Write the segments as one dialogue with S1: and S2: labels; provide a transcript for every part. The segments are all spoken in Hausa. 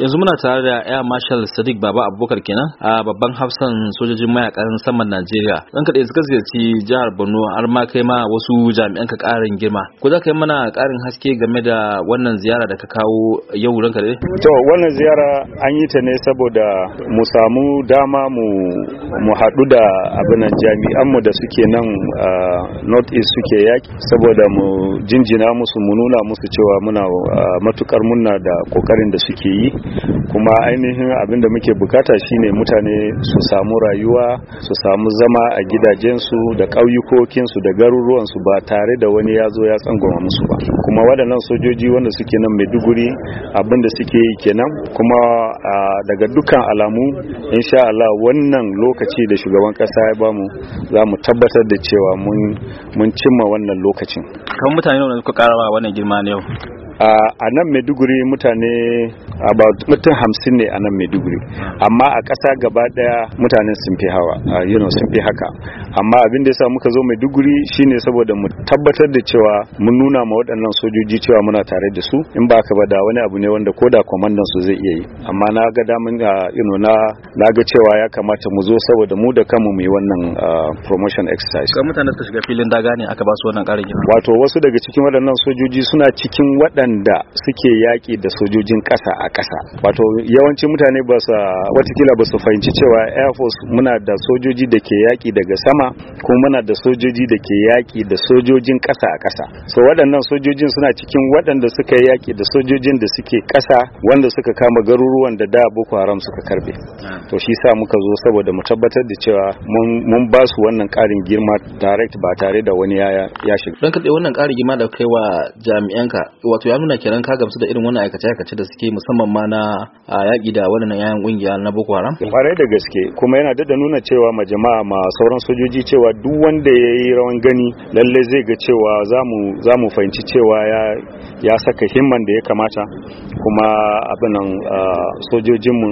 S1: yanzu muna tare da air marshal sadiq baba abubakar kenan a babban hafsan sojojin mayakan saman najeriya dan kaɗai suka ziyarci jihar borno har ma kai ma wasu jami'an ka ƙarin girma ko za ka yi mana ƙarin haske game da wannan ziyara da ka kawo yau ranka dai
S2: to wannan ziyara an yi ta ne saboda mu samu dama mu mu haɗu da abinan jami'an mu da suke nan north east suke yaki saboda mu jinjina musu mu nuna musu cewa muna matukar muna da kokarin da suke yi kuma ainihin abin da muke bukata shine mutane su samu rayuwa su samu zama a gidajensu da ƙauyukokinsu da garuruwansu ba tare da wani ya zo ya tsangwama musu ba kuma waɗannan sojoji wanda suke nan maiduguri abin da suke yi kenan kuma daga dukkan alamu insha Allah wannan lokaci da shugaban ƙasa ya bamu za mu tabbatar da cewa mun cimma wannan lokacin kan mutane ne suka karawa wannan girma ne yau a nan maiduguri mutane about mutum hamsin ne a nan maiduguri amma a ƙasa gaba ɗaya mutanen sun fi hawa you know sun fi haka amma abin da yasa muka zo maiduguri shine saboda mu tabbatar da cewa mun nuna ma waɗannan sojoji cewa muna tare da su in ba ka ba da wani abu ne wanda koda kwamandan su zai iya yi amma na ga damin you know na na ga cewa ya kamata mu zo saboda mu da kanmu mu yi wannan promotion exercise
S1: ka mutane suka shiga filin daga ne aka ba su wannan ƙarin
S2: wato wasu daga cikin waɗannan sojoji suna cikin waɗannan waɗanda suke yaƙi da sojojin ƙasa a ƙasa wato yawancin mutane ba su watakila ba su fahimci cewa air force muna da sojoji da ke yaƙi daga sama kuma muna da sojoji da ke yaƙi da sojojin ƙasa a ƙasa so waɗannan sojojin suna cikin waɗanda suka yaƙi da sojojin da suke ƙasa wanda suka kama garuruwan da da boko haram suka karbe to shi sa muka zo saboda mu tabbatar da cewa mun ba su wannan ƙarin girma direct ba tare da wani ya shiga don ka wannan ƙarin
S1: girma da kai wa jami'anka wato muna kiran ka gamsu da irin wannan aikace aikace da suke musamman ma na yaƙi da wani yayan ƙungiya na Boko Haram
S2: kwarai da gaske kuma yana da nuna cewa ma jama'a ma sauran sojoji cewa duk wanda ya yi rawan gani lalle zai ga cewa za mu fahimci cewa ya saka himman da ya kamata kuma abin nan sojojinmu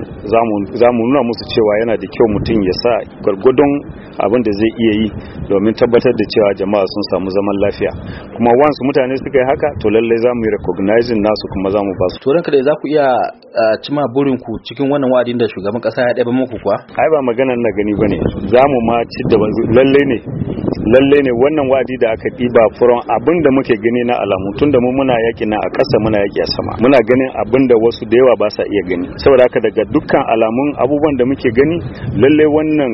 S2: za mu nuna musu cewa yana da kyau mutum ya sa gwargwadon abin da zai iya yi domin tabbatar da cewa jama'a sun samu zaman lafiya kuma wansu mutane suka yi haka to lallai za mu yi recognizing nasu kuma za mu ba su. Turan kada za ku iya cima burin ku cikin wannan wa'adin da shugaban kasa ya ba muku kuwa? Ai ba maganar na gani bane. Za mu ma ci da lalle ne lalle ne wannan wa'adi da aka ɗiba furon abin da muke gani na alamu tun da mu muna yaki na a kasa muna yaki a sama muna ganin abin da wasu da yawa ba sa iya gani saboda haka daga dukkan alamun abubuwan da muke gani lalle wannan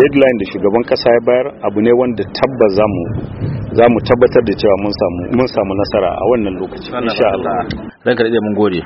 S2: deadline da shugaban ƙasa ya bayar abu ne wanda tabbas za za mu tabbatar da cewa mun samu nasara a wannan lokaci insha Allah
S1: ranka da mun gode